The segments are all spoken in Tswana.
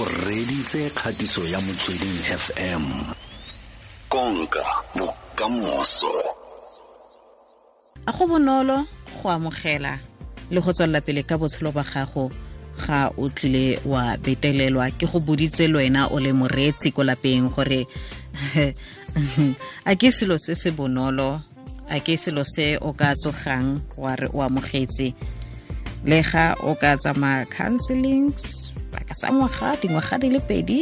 o reditse kgatiso ya motsweding fm konka bokamoso a go bonolo go amogela le go tswelela pele ka botshelo ba gago ga o tlile wa betelelwa ke go boditse lwena o le moreetsi ko lapeng gore a ke selo se se bonolo a ke selo se o ka tsogang wa re o amogetse le ga o ka tsamaya counselings sebaka sa ngwaga dingwaga di le pedi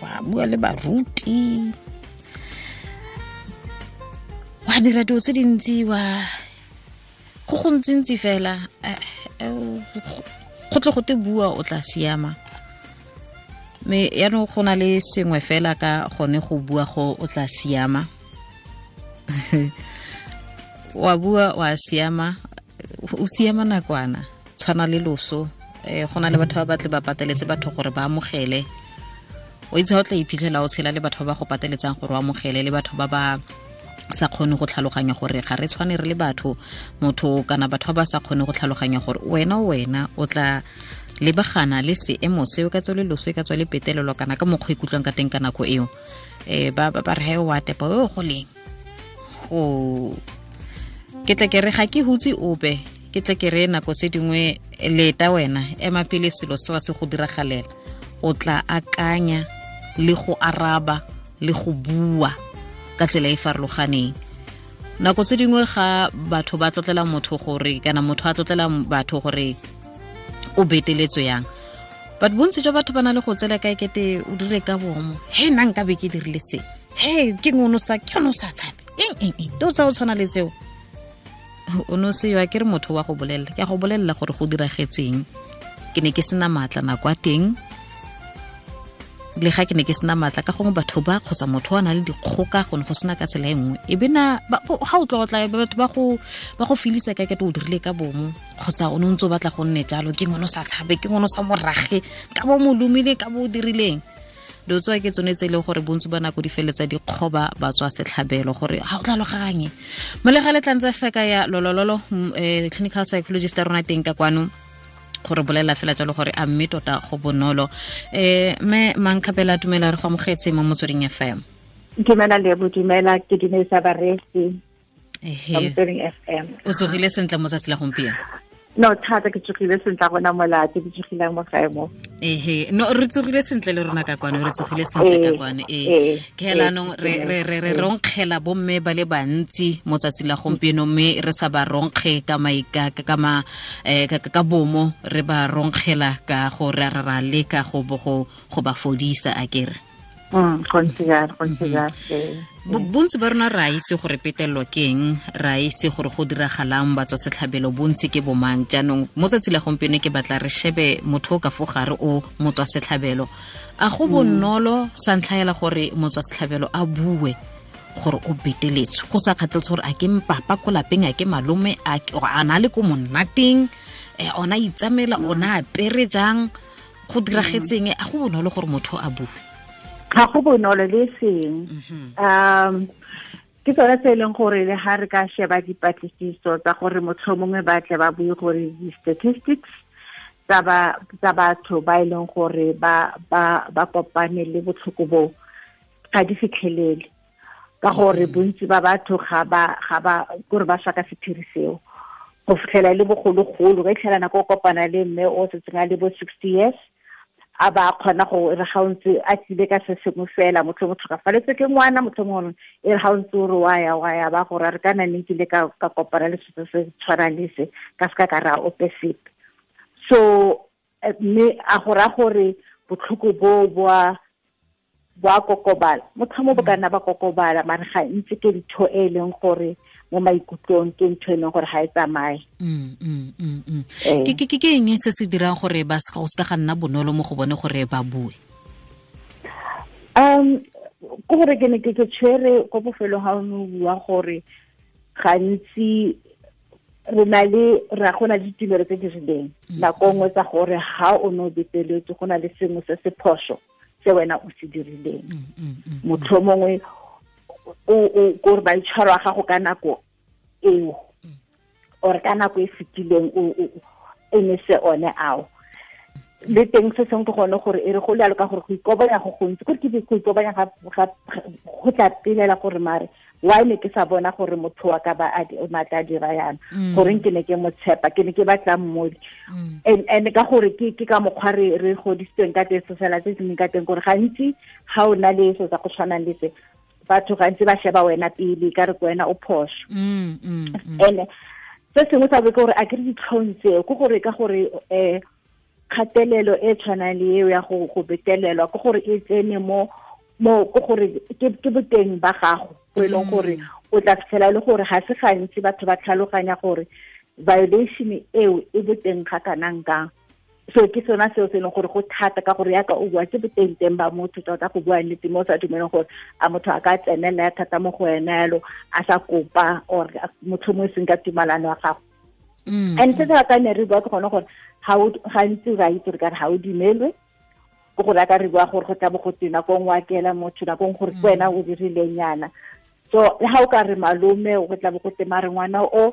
wa bua le baruti wa dira dilo tse dintsi wa go go ntsintsi fela eh, eh, go tle go te bua o tla siama me yaanong go na le sengwe fela ka gone go bua go o tla siama wa bua wa siama o siama nakwana tshwana le loso um go na le batho ba batle ba pateletse batho gore ba amogele o itse ga o tla iphitlhela o tshela le batho ba ba go pateletsang gore o amogele le batho ba ba sa khone go tlhaloganya gore ga re tshwane re le batho motho kana batho ba ba sa khone go tlhaloganya gore wena wena o tla lebagana le seemo se o ka tswa le loso e ka tswa le petelelo kana ka mokgwa ikutlwang ka teng ka nako eo um ba ba re ga e wa tepa o go leng go ke tla ke re ga ke hutse ope ke tle ke re nako se dingwe leta wena ema pele selo se wa se go diragalela o tla akanya le go araba le go bua ka tsela e, e farologaneng nako tse dingwe ga batho ba tlotlela motho gore kana motho a tlotlela batho gore o beteletso yang but bontsi jwa batho ba na le go tsela ka ekete o dire ka bomo he nna nka be ke dirile se he ke ngono sa ke ono sa tshabe eng eng eng to tsa o tshwana le tseo o ne o ke re motho wa go bolelela ke a go bolelela gore go diragetseng ke ne ke sena maatla na kwa teng le ga ke ne ke sena maatla ka gongwe batho ba kgotsa motho o na le dikgoka gone go sena ka tsela e nngwe e be na ga o tla go tla batho ba go filisa ka kete o dirile ka bomo kgotsa o ne o ntse o batla go nne jalo ke ngwene o sa tshabe ke ngwene o sa morage ka bo mo lomile ka bo o dirileng dilo tsewa ke tsone tse e leng gore bontsi ba nako di feleletsa dikgoba ba tswa setlhabelo gore ga o tlhaloganye mo le ga le tlantse seka ya lolololo um clinical psychologist a rona teng ka kwano gore bolela fela jalo gore a mme tota go bonolo um mme mankgapela a tumela re go amogetse mo motsweding fm dumela le bo ke dumedisa bareetsi mo motsweding fm o tsogile sentle mo tsatsi la gompieno no thata ke tsogile sentle gona molate ke tsogilang mo gae mo ehe no re tsogile sentle le rona ka kwane re tsogile sentle ka eh, kwane e eh. eh, ke helanong re re re re ronkgela bomme ba le bantsi motsatsi tsatsi la gompieno mme re sa ba ronkge ka maika ka ma ka bomo re ba ronkgela ka go ra ra leka go bo go ba fodisa akere Mm, mm-hmm. bontsi ba rona re itse gore petelelo ke eng re itse gore go diragalang batswa setlhabelo bontsi ke bomang jaanong mo tsatsi la gompieno ke batla re shebe motho o ka fo gare o motswa setlhabelo a go mm. bonolo sa ntlhaela gore motswa setlhabelo a bue gore o beteletswe go sa kgatlhetse gore a ke mpapa ko lapeng a ke malome a na le ko monnateng eh, ona itsamela ona apere jang go diragetseng a go bonolo gore motho a bue ga go bonolo le seng um ke tsone tse e leng gore le ga re ka sheba dipatlisiso tsa gore motho mongwe ba tle ba bue gore di-statistics tsa batho ba e leng gore ba kopane le botlhoko bo ga di fitlhelele ka gore mhm. bontsi ba batho ga ba gore ba swaka sephiri seo go fitlhela e le bogologolo ga e itlhela nako o e kopana le mme o setseng a le bo sixty years a ba khona go re ga ontse a tsile ka se sengwe fela motho motho ka faletse ke ngwana motho mongwe e re ga ontse o re wa ya wa ya ba gore re kana ne kile ka ka kopana le setso se tshwana le se ka se ka ka ra ope sepe so me a go ra gore botlhoko bo boa boa kokobala motho mo bo kana ba kokobala mare ga ntse ke ntho e leng gore mo maikutlong ke ntho e leng gore ga e tsamaye mm, mm, mm, eh. ke eng se se dirang gore ba se go se ka ga nna bonolo mo go bone gore ba bue um ke gore ke ne ke ke tshwere ko bofelong ga one o bua gore gantsi re na le ra gona le ditumelo tse di rileng nako e nngwe tsa gore ga o ne o beteletse go na le sengwe se se phoso se wena o se dirileng motlho mongwe kore baitshwaro a gago ka nako eo or ka nako e fetileng o emese one ao le teng se seng ke gone gore e re go lealo ka gore go ikobanya go gontsi kore ke go ikobanya go tla pelela gore mare why ne ke sa bona gore motho wa ka ba matla dira yana mm. goreng ke ne ke mo tshepa ke ne ke batla mmodi mm. and ka gore ke ka mokgwa re godisitsweng ka teng sosela tse sengwe ka teng gore gantsi ga o na le so tsa go tshwanang le se batho gantsi ba sheba wena pele ka re ko wena o phoso mm, mm, mm. and se sengwe sa be ke gore a kere ditlhong tseo ke gore ka gore um kgatelelo e tshwanang le eo ya go betelelwa ke gore e tsene mo ke gore ke boteng ba gago o e leng gore o tla fitlhela e le gore ga se gantsi batho ba tlhaloganya gore violation eo e boteng ga kanang kang so ke sona seo se leng gore go thata ka gore yaka o bua ke botenteng ba motho tota go bua nnete mo o sa dumeleng gore a motho a ka tsenela ya thata mo go wena yalo a sa kopa or motho mo e seng ka tumelano ya gago mm. and se se ka ne re bua ke gone gore gantsi re a itse re ka re ga o dumelwe ke gore aka ka re bua gore go tla bo go tena ko ngwe akela motho nakong gore ke mm. wena o dirileng yana so ha o ka re malome o go tla bo go tema ngwana o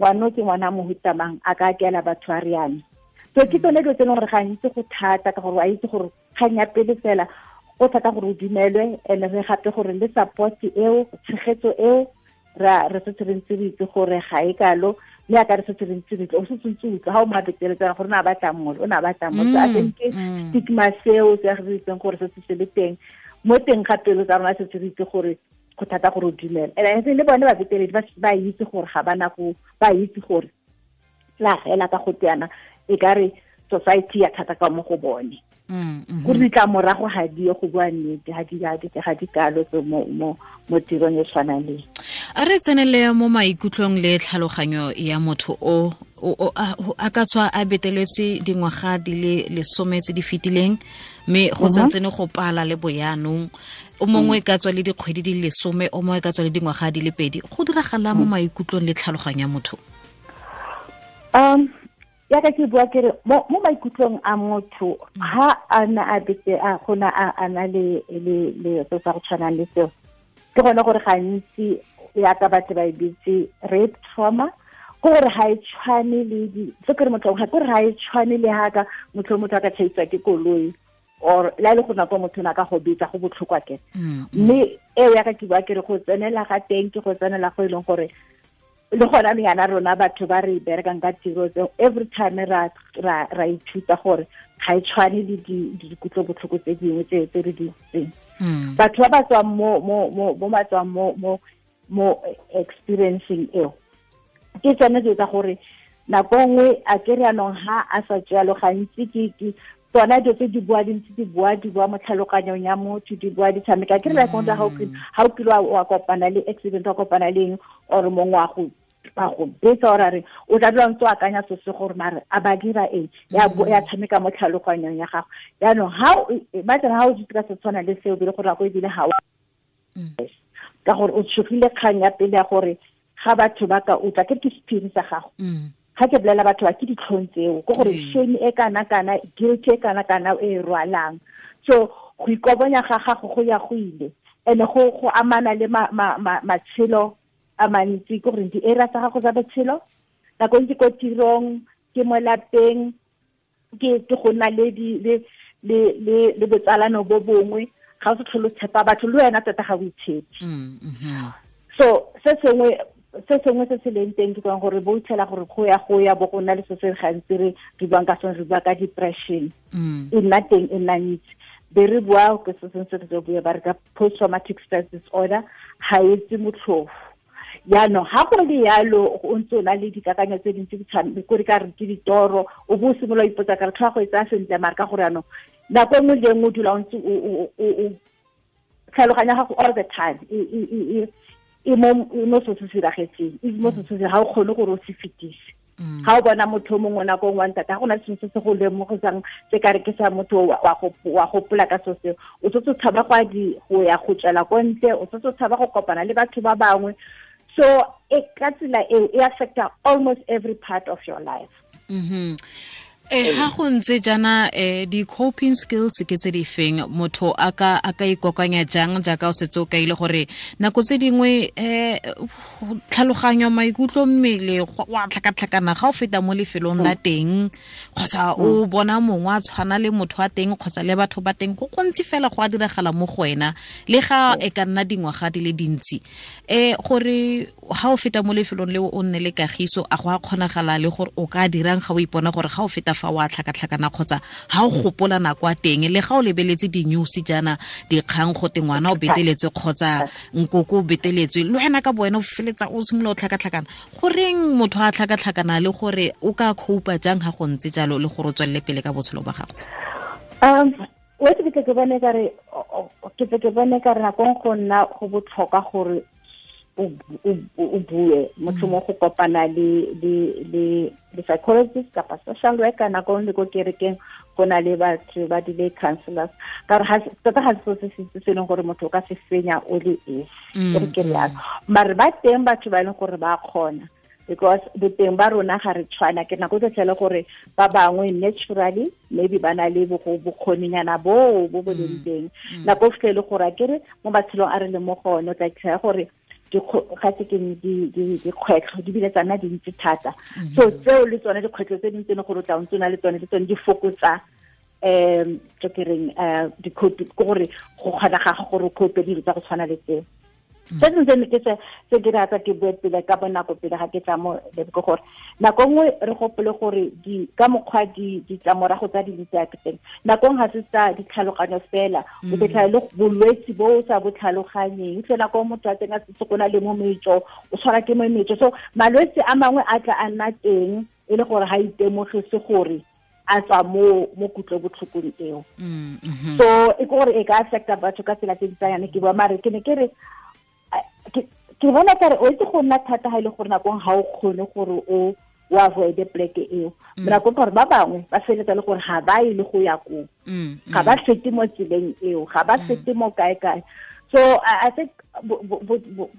ngwana o ke ngwana a mohutamang a ka akela batho a riane so ke tsone dilo tse e leng gore ga itse go thata ka gore a itse gore kgang ya pele fela go thata gore o dumelwe and re gape gore le support eo tshegetso eo ra re setse re ntse re itse gore ga e kalo le a ka re setse re ntse re itse o setse ntse utlwa ga o mabeteletsana gore o ne a batlang mole o ne a batlang mole so a mm, teng ke mm. stigma seo se re itseng gore setse se le teng mo teng ga pelo tsa rona setse re itse gore go thata gore o dumela and i think le bone babeteledi ba itse gore ga bana go ba itse gore la fela ka go teana e ka re society ya thata ka mo go bone kore mm, mm-hmm. ditlamorago ga dio go bua nnete ga di kalo tse mo tirong e tshwanang le a re tsenele mo maikutlong le tlhaloganyo ya motho o a ka tswa a beteletse dingwaga di le lesome tse di fetileng mme go mhm. santsene go pala le boyanong o mongwe mhm. ka tswa le dikgwedi di lesome o mongwe ka tswa le dingwaga di le pedi go diragala mo mhm. maikutlong le tlhaloganya motho um ya ka ke bua kere mo maikutlong a motho mm. ha a na a bete a gona a na le le le so sa go tshwana le seo ke gone gore gantsi ya ka batho ba e bitse rape trauma go gore ha e tshwane le di so kere motho ga gore ha e tshwane le ha ka motho motho a ka tsheitswa ke koloi or la e le go nako motho na ka go betsa go botlhokwa ke mm, mm. mme e ya ka ke bua kere go tsenela ga teng ke go tsenela go e leng gore le gona meana rona batho ba re berekang ka tiro tseo every time ra ra ra ithuta gore ga e tshwane le dikutlobotlhoko tse dingwe tse re di itseng hmm. batho ba ba tswang mo ba tswang mo mo experiencing eo ke tsone tse tsa gore nako nngwe a kery anong ha a sa jalo gantsi ke tsona dilo tse di bua di ntse di bua di bua mo tlhaloganyong ya motho di bua di tshameka ke re la tsa ga o kile wa kopana le accident wa kopana le eng or mongwe wa go ba go betsa ora re o tla dula ntse akanya so se gore mare a ba dira eng ya ya mm-hmm. tshameka mo tlhaloganyong ya gago jaanong ha ba tsena ha o e, ditse ka se tshwana le seo e bile gore a go ebile ha mm. ka gore o tshogile kgang ya pele ya gore ga batho ba ka utla ke ke sephiri sa gago mm. ga ke bolela batho ba ke ditlhong tseo ke gore mm. shame e kana-kana guilty e kana-kana e rwalang so go ikobonya ga gago go ya go ile and go amana le matshelo a mantsi ko goreng di-area tsa gago tsa botshelo nako ntse ko tirong ke mo lapeng ke ke go nna le di le le le botsalano bo bongwe ga o se tlholo tshepa batho le wena tota ga o itshepe mm, mm-hmm. so se sengwe se sengwe se se leng teng ke kwang gore bo itshela gore go ya go ya bo go nna le se se gantsi re re buang ka sone re bua ka depression mm. e nna teng e nna ntsi be re bua ke se sengwe se re bua ba re ka post traumatic stress disorder ga e etse motlhofo jaanong ga go le yalo o ntse o na le dikakanyo tse dintsi kore re ka re ke ditoro o bo o simolola ipotsa ka re tlhoa go e tsaya sentle mare ka gore yanong nako e nngwe le e nngwe o dula o ntse o tlhaloganya gago all the time e, e mo se se diragetseng e mo se se ga o kgone gore o se fetise ga mm. o bona motho o mongwe nako ngwe wa ga go na le sengwe se go lemogosang se ka ke sa motho wa gopola ka so seo o setse o tshaba go ya go tswela ko ntle o setse o tshaba go kopana le batho ba bangwe so it ka like it affects almost every part of your life mm -hmm. e eh, ha eh. go ntse jana eh, di coping skills ke tse di feng motho a ka a ka ikokanya jang jaaka o setse o kaile gore nako tse dingwe um eh, tlhaloganyo maikutlo mmele wa tlhakatlhakana ga o feta mo lefelong la mm. teng kgotsa o mm. bona mongwe a tshwana le motho a teng kgotsa le batho ba teng go gontsi fela go a diragala mo go wena le ga oh. e ka nna dingwaga di le dintsi um gore ga o feta mo lefelong leo o nne le kagiso a go a kgonagala le gore o ka dirang ga o ipona gore ga o feta fa o a tlhakatlhakana kgotsa ga o gopola nako a teng le ga o lebeletse di-news jaana dikgang gote ngwana o beteletswe kgotsa nkoko o beteletswe le wena ka boena o feletsa o simolola o tlhakatlhakana goreng motho a tlhakatlhakana le gore o ka khoupa jang ga go ntse jalo le gore o tswelele pele ka botshelo ba gago um wetse ke tle ke bone kare nako e ng go nna go botlhokwa gore o bue motho mo go kopana le psychologist kapa social worker nako le ko kerekeng go na le batho ba dile counselors ka ga tota se se setse se leng gore motho o ka se fenya o le esi kere mm, ke rialo mm. mare ba teng batho ba e leng gore ba kgona because boteng ba rona ga re tshwana ke nako e tsotlhele gore ba bangwe naturally maybe ba na le bokgoninyana boo bo bo mm, leng teng nako o fitlhe e le gore a kere mo matshelong a re le mo gone o tla kry-a gore ga se keng dikgwetlho di bile tsana dintsi thata mm-hmm. so tseo le tsone dikgwetlho tse dintse ne gore o tla ntse o na le tsone le tsone di fokotsa um ke reng um ke gore go gago gore o cope dilo tsa go tshwana le tseo se seng se ke se se ke rata ke bue pele ka bonako pele ga ke tla mo le ke gore nako nngwe re gopole gore di ka mokgwa di ditlamorago tsa di-interact teng nako ga se tsa ditlhaloganyo fela o betla mm. e le bolwetse bo o sa botlhaloganyeng fela ko motho a tsena setse go na le mo metso o tshwara ke mo metso so malwetse a mangwe a tla a nna teng e le gore ga itemogese gore a tswa mo mo kutlo botlhokong eo mm, mm-hmm. so e gore e ka affecta batho ka tsela tse di tsayane ke boamare ke ne ke re ke bona kare o itse go nna thata ga e le gore nakong ga o kgone gore o o avoide pleke eo nakong gore ba bangwe ba feletsa le gore ga ba ile go ya koo ga ba fete mo tseleng eo ga ba fete mo kae-kae so i think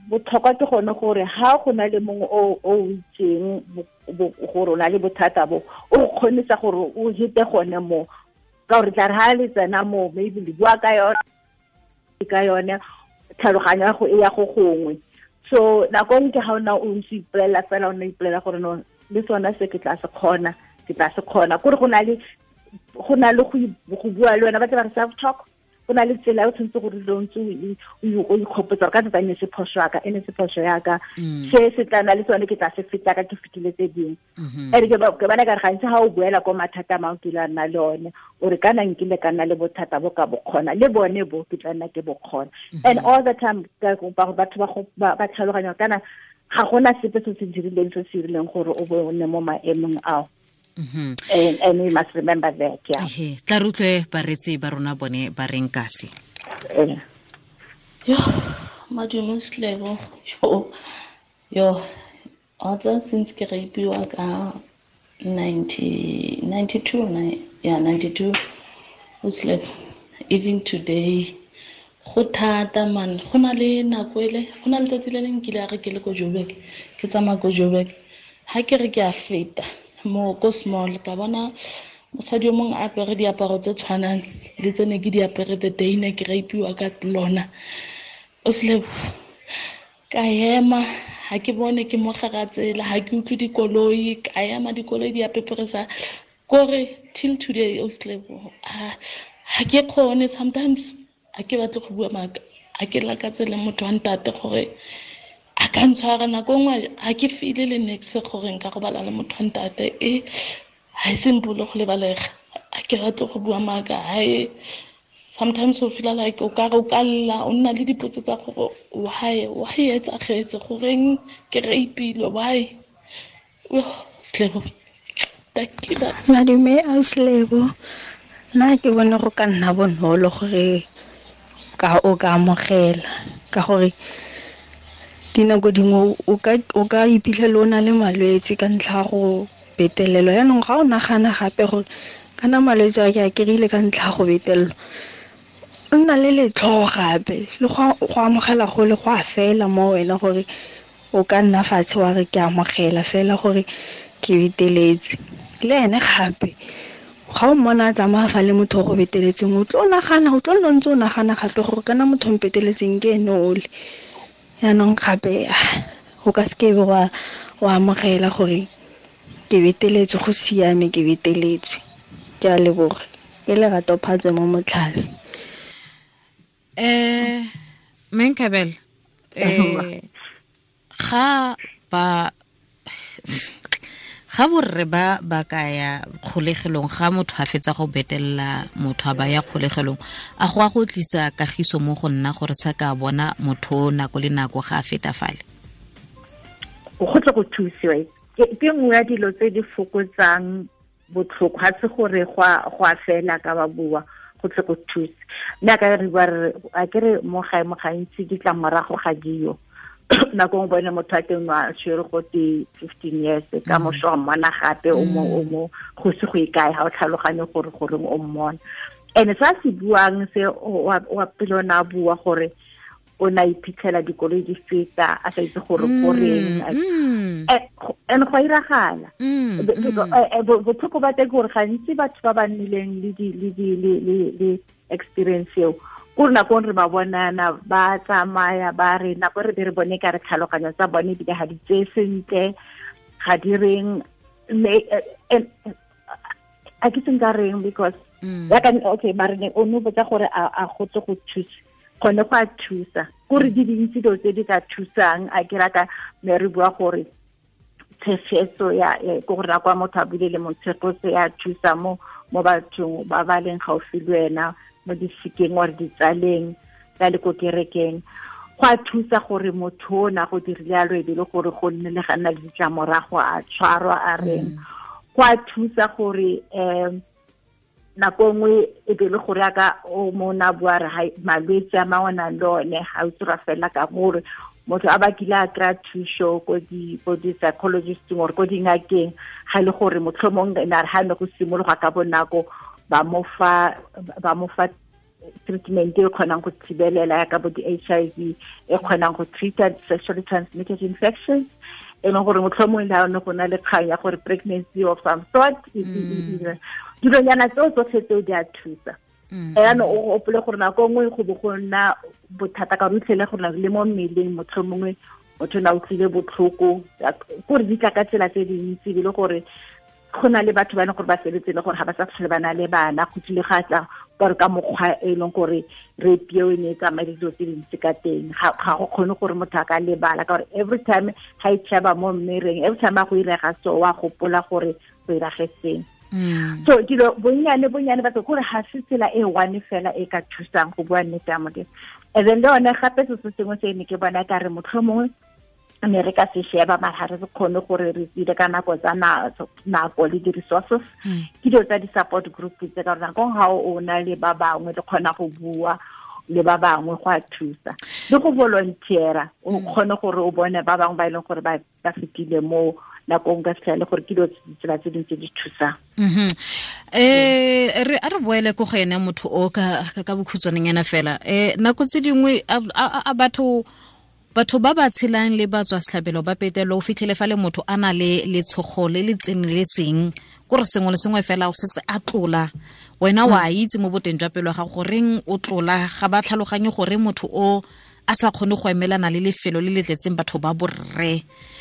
botlhokwa ke gone gore ga go na le mongwe o o itseng gore o na le bothata bo o kgonisa gore o hete gone mo ka gore tla re ga le tsena mo maybe le bua ka yone ka yone tlhaloganyo go e ya go gongwe so nako e nngwe ke ga ona o ntse ipolelela fela o ne ipolelela gore no le sona se ke tla se kgona ke tla se kgona kore go na le go bua le wena ba tse ba re self talk go na le tsela o tshwanetse gore le ontse e, o ikgopotsa ka tsatsa ne se phoso yaka e ne se yaka mm. se se tla na le tsone ke tla se feta ka ke fetile tse dingwe mm-hmm. and ke bana kare gantsi ga o boela ko mathata mao o kile nna le one o re kana nkile ka nna le bothata bo ka bokgona le bone bo ke tla nna ke bokgona mm-hmm. and all the time batho ba tlhaloganya kana ga gona sepe se se dirileng se se dirileng gore o bone mo maemong ao Mm-hmm. and, we must remember that yeah tla re utlwe baretsi ba rona bone ba reng kase eh. yo madumo selebo yo yo wa since ke reipiwa ka 90 92 ya yeah 92 o selebo even today go thata man go na le nako ele go na letsatsi le leng kile a re ke le ko jobek ke tsamaya ko jobek ha ke re ke a feta mooko small ka bona mosadi yo mongwe a apere diaparo tse tshwanang le tsene ke diapere the daina ke raipiwa ka lona o slep ka ema ga ke bone ke mogara tsela ga ke utlwe dikoloi ka ema dikoloi di apeperesa kore till today o slep ga ke kgone sometimes a ke batle go bua maaka a ke lakatse le motho wa ntate gore a ka ntshwara nako e ngwe ga ke file le nex gore nka go bala le motho wa ntate e ga e sempolo go lebalega a ke rate go bua maaka gae sometimes o feel like o kare o ka lla o nna le dipotso tsa gore why why e tsagetse goreng ke reipile why selebo madume a selebo nna ke bone go ka nna bonolo gore ka o ka amogela ka gore dinako dingwe o ka iphitlhele o na le malwetse ka ntlha ya go betelelo yaanong ga o nagana gape gore kana malwetse a ke a kerile ka ntlha ya go betelelo o nna le letlhogo gape le go amogela go le go a fela mo wena gore o ka nna fatshe wa re ke amogela fela gore ke beteletse le ene gape ga o mmona a tsamaya fa le motho o go beteletseng o tlo o nagana o tlo nno ntse o nagana gape gore kana motho o mpeteletseng ke ene ole Yaanong gape go ka se kebe go amogela gore ke beteletswe go siame ke beteletswe. Ke a leboga. Ke lerato phatso mo motlhabe. Eh Menkabele eh ga ba ga borre ba ba ka ya kgolegelong ga motho a fetsa go betelela motho a ba ya kgolegelong a go a go tlisa kagiso mo go nna gore sa ka bona motho nako le nako ga a feta fale go tle go thusiwa ke nngwe ya dilo tse di fokotsang botlhoko ga se gore go a fela ka ba bua go tle go thusa mme a ka re a kere mo gae mo gantsi ditlamorago ga diyo nako ngwe bone motho a teng wa tshwere gote fifteen years ka mhm. moso wa mmona gape o mo kgosi mhm. go e kae ga o tlhaloganye gore goreng o mmona and-e sa se buang se wa pele o ne a bua gore o na iphitlhela dikoloi di feta a sa itse gore goreng mm, mm. eh, and go a iragala mm, eh, eh, botlhoko ba teng gore gantsi batho ba ba nnileng le experience eo ko re nakong re ba bonana ba tsamaya ba re nako re be re bone ka re tlhaloganyo tsa bone ebile ga di tseye sentle ga di reng eh, eh, eh, a ke seng reng because mm. yaka okay marene o ne botsa gore a gotse go thusa gone go a thusa kore di dintsi dilo tse di ka thusang a ke raka me re bua gore tshefetso ya ko gore nakwa motho a buile le motshepetso ya thusa mo bathong ba ba leng gaufi le wena mo disikeng gore di tsaleng tsa le ko kerekeng go a thusa gore motho o na go dirile alo ebele gore go nne le ga nna le ditlamorago a tshwarwa a reng mm. go a thusa gore um nako nngwe e be le gore aka o mona bua re malwetse a mangwe nang le one ga o tsera fela ka gore motho a bakile a kry-a thuso ko di-psychologisting gore ko dingakeng ga e le gore motlhomong e ne a re ga ne go simologa ka bonako ba mo fa ba mo fa treatment e kgonang go thibelela ka bo di-h i v e kgonang go treata sexually transmitted infections e leng gore mongwe le one go na le kgang ya gore pregnancy of some sort e, e, e, mm. dilonyana tseo tsotlhe tseo di a thusa yaanong mm. o gopole gore nako nngwe go bo go nna bothata ka rotlhele gore le mo mmeleng motlho mongwe motho na utlwile botlhoko kore di tla ka tsela tse dintsi le gore go na le batho ba e leng gore ba sebetse le gore ga ba sa tlhole ba na le bana go tsile ga tla gore ka mokgwa e leng gore re peo e ne e tsamaya le dilo tse dintsi ka teng ga go kgone gore motho a ka lebala ka gore every time ga e tšhaba mo mmereng every time a go irega so wa gopola gore go iragetseng mm. so dilo bonnyane bonnyane batho gore ga se tsela e one fela e ka thusang go bua nnete ya modimo and then le yone gape se se sengwe se e ne ke bona ka re motlho mongwe mme re ka se sheba mara re re kgone gore re tsile ka nako tsa nako le di-resources hmm. ke dilo tsa di-support group tse ka gore nakong ga o na le ba bangwe le kgona go bua le ba bangwe go a thusa le go volunteera o hmm. kgone gore o bone ba bangwe ba e leng gore ba fetile mo nakong ka fitlha gore ke dilo tsela tse dingwe tse di thusang mm-hmm. eh re a re boele ko go ene motho o ka ka yana fela um nako tse dingwe a batho batho ba ba tshelang le batswa setlhabelo ba petelo o fitlhele fa le motho a na le letshogo le le tseneletseng kore sengwe le sengwe fela o setse a tlola wena wa mm. itse mo boteng jwa pelo ga goreng o tlola ga ba tlhaloganye gore motho o a sa kgone go emelana le lefelo le le tletseng batho ba borre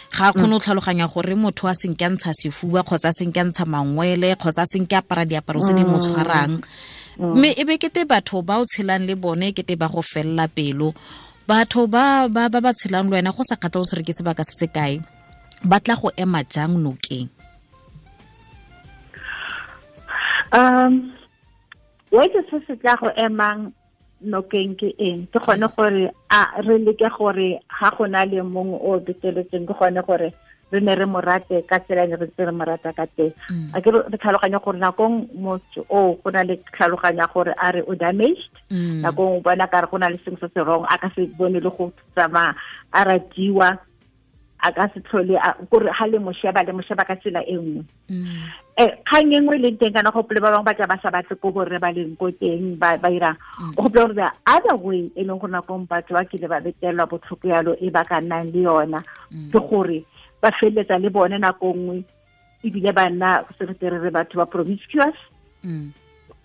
ga a mm. kgone go tlhaloganya gore motho a senke a ntsha sefuba kgotsa a senke a ntsha mangwele kgotsa a senke apara diaparo tse di mo mm. tshwarang mme e bekete batho ba o tshelang le bone kete ba go felela pelo batho ba ba ba tshelang le wena go sa kgatlha go se reke sebaka se se kae ba tla go ema jang nokeng um wetse se se tla go emang nokeng ke eng ke gone gore a re leke gore ga go na le mongwe o beteletseng ke gone gore re ne re morate ka tsela e ne re tse re morata ka teng mm. a ke re tlhaloganya gore nakong motho o go na le tlhaloganya gore a re o damaged mm. nakong o bona kare go na le sengwe se se rong a ka se bone le go tsamaya a ratiwa a ka se tlhole kore ha le mosheba le mosheba ka tsela e nngwe um kgang e nngwe e leng teng kana gopole ba bangwe ba tla ba sa batle ko gore ba leng ko teng ba irang o gopole gore the other way e leng gore nakong batho ba kile ba betelelwa botlhoko yalo e ba ka nnang le yona ke gore ba feleletsa le bone nako nngwe ebile ba nna se re re batho ba promiscuous mm.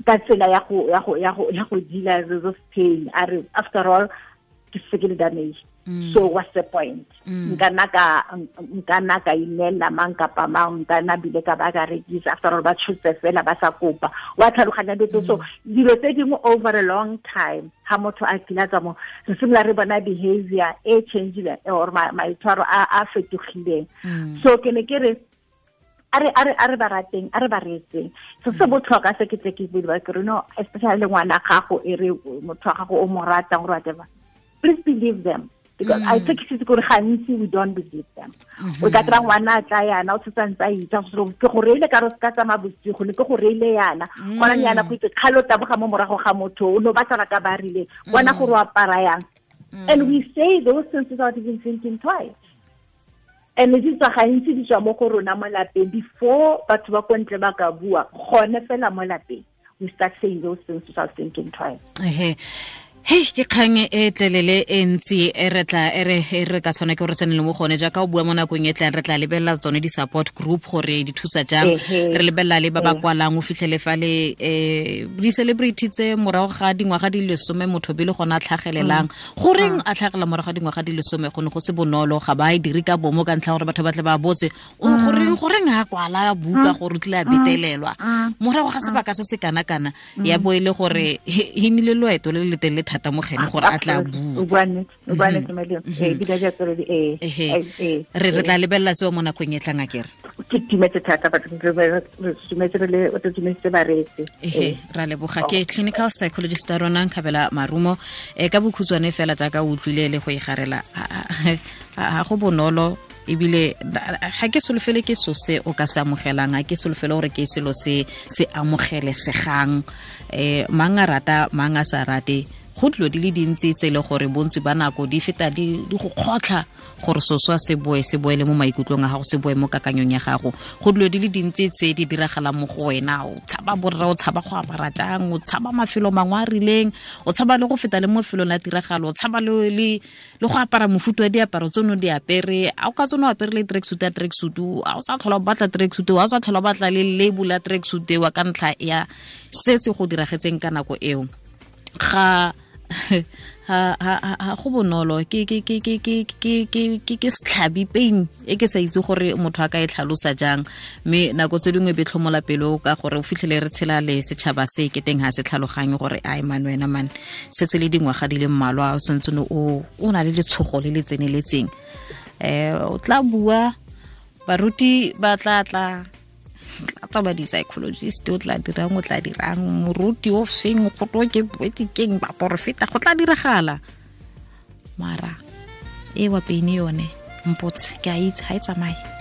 ka tsela ya go ya go ya go ya go dila resource pain are after all ke physical damage mm. so what's the point mm. nkana ka nkana ka inela mang kapa mang nkana bile ka ba ka rekisa after all ba tshotse fela ba sa kopa wa tlhaloganya dilo so mm. dilo tse dingwe over a long time ga motho a kilatsa mo re simla re bona behavior e changile or maitshwaro a fetogileng mm. so ke ne ke re a re ba rateng a re ba reetseng so se mm. botlhokwa se ke tse ke bua ke re no especially ngwana gago e re motho wa gago o mo ratang or whatever please believe them because mm. i think se gore gantsi we don't believe them mm-hmm. o ka kry ngwana a tla yana o setsantse a itsa go ke gore ile ka re se ka tsamaya bosigo ne ke gore ile yana mm. gona yana go itse kgale o taboga mo morago ga motho o ne o batlana ka ba rileng bona mm. gore o apara mm. and we say those things without even thinking twice and di tswa gantsi di tswa mo go rona mo lapeng before batho ba ko ntle ba ka bua gone fela mo lapeng we start saying those things without thinking twice hei ke kgang e, e tlelele e ntsi e re e e ka tshwana ke gore tsene le mo gone jaaka o bua mo nakong e tlang re tla lebelela tsone di-support group gore di thusa jang re lebelela le ba ba kwalang o fitlhele fa le um di-celebrity tse morago ga dingwaga di lesome motho be le gone a tlhagelelang mm. goreng mm. a tlhagelela morago ga dingwaga di lesome gone go se bonolo ga ba e dire ka bomo ka ntlha gore batho ba tle ba botse mm. goreng goreng a kwala buka gore o tlile a betelelwa morago ga sebaka se se kana-kana ya bo e le gore e nnile loeto le letelele thata mo gene ah, gore a tla re re eh. tla lebelela tseo mo nakong e tlang a kere ke timetse thata bathometse eh. ra leboga ke oh. clinical psychologist a rona nkgabela marumo e ka bokhutswane fela tsa ka utlwile le go igarela ga go bonolo ebile ga ke solofele ke so se o ka se amogelang ga ke solofele gore ke selo se se amogelesegang um mang a rata mang a sa rate go dilo di le dintsi tse e le gore bontsi ba nako di feta di go kgotlha gore soswa se boe se boele mo maikutlong a gago se boe mo kakanyong ya gago go dilo di le dintsi tse di diragalang mo go wena o tshaba borra o tshaba go apara jang o tshaba mafelo mangwe a rileng o tshaba le go feta le mo la tiragalo o tshaba le le go apara mofuto wa diaparo tseno di apere a o ka tsone o apere le tracksuit ya tracksuit a o sa tlhola o batla tracksuit a o sa tlhola o batla le label ya tracksuit wa ka ntlha ya se se go diragetseng ka nako eo ga ha go bonolo ke setlhabi pain e ke sa itse gore motho a ka e tlhalosa jang mme nako tse dingwe be tlhomola pelo ka gore o fitlhele re tshela le setšhaba se ke teng ha se tlhaloganye gore a man wena man setse le dingwaga di le mmalwa o sentse o o na le letshogo le le tseneletseng um o tla bua baruti ba tla tla tsa ba di-psychologist o tla dirang o tla dirang moruti o feng go to ke boetse keng ba go tla diragala mara e wa peine yone mpotse ke a itse ga e tsamaye